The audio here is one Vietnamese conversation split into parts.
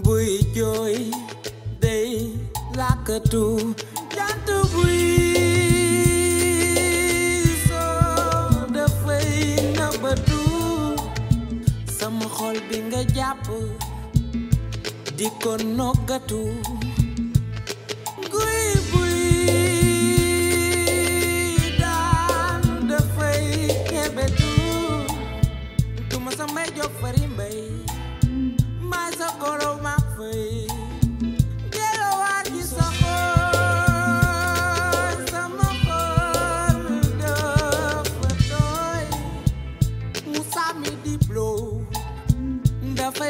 vui chơi đây là cơ tu đang tu vui so the pain of a tu some hol binga con dikon nogatu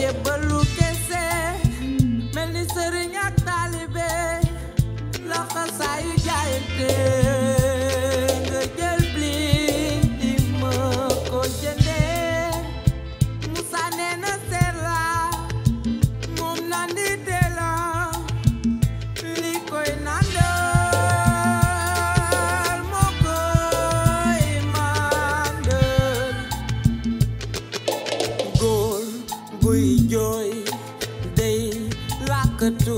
Yeah, but. the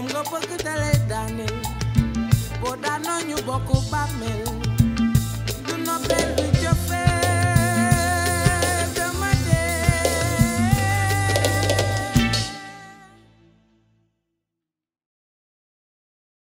moom nga bëgg dalay daaneel boo daanoo ñu bokk bàmmeel Do not du your.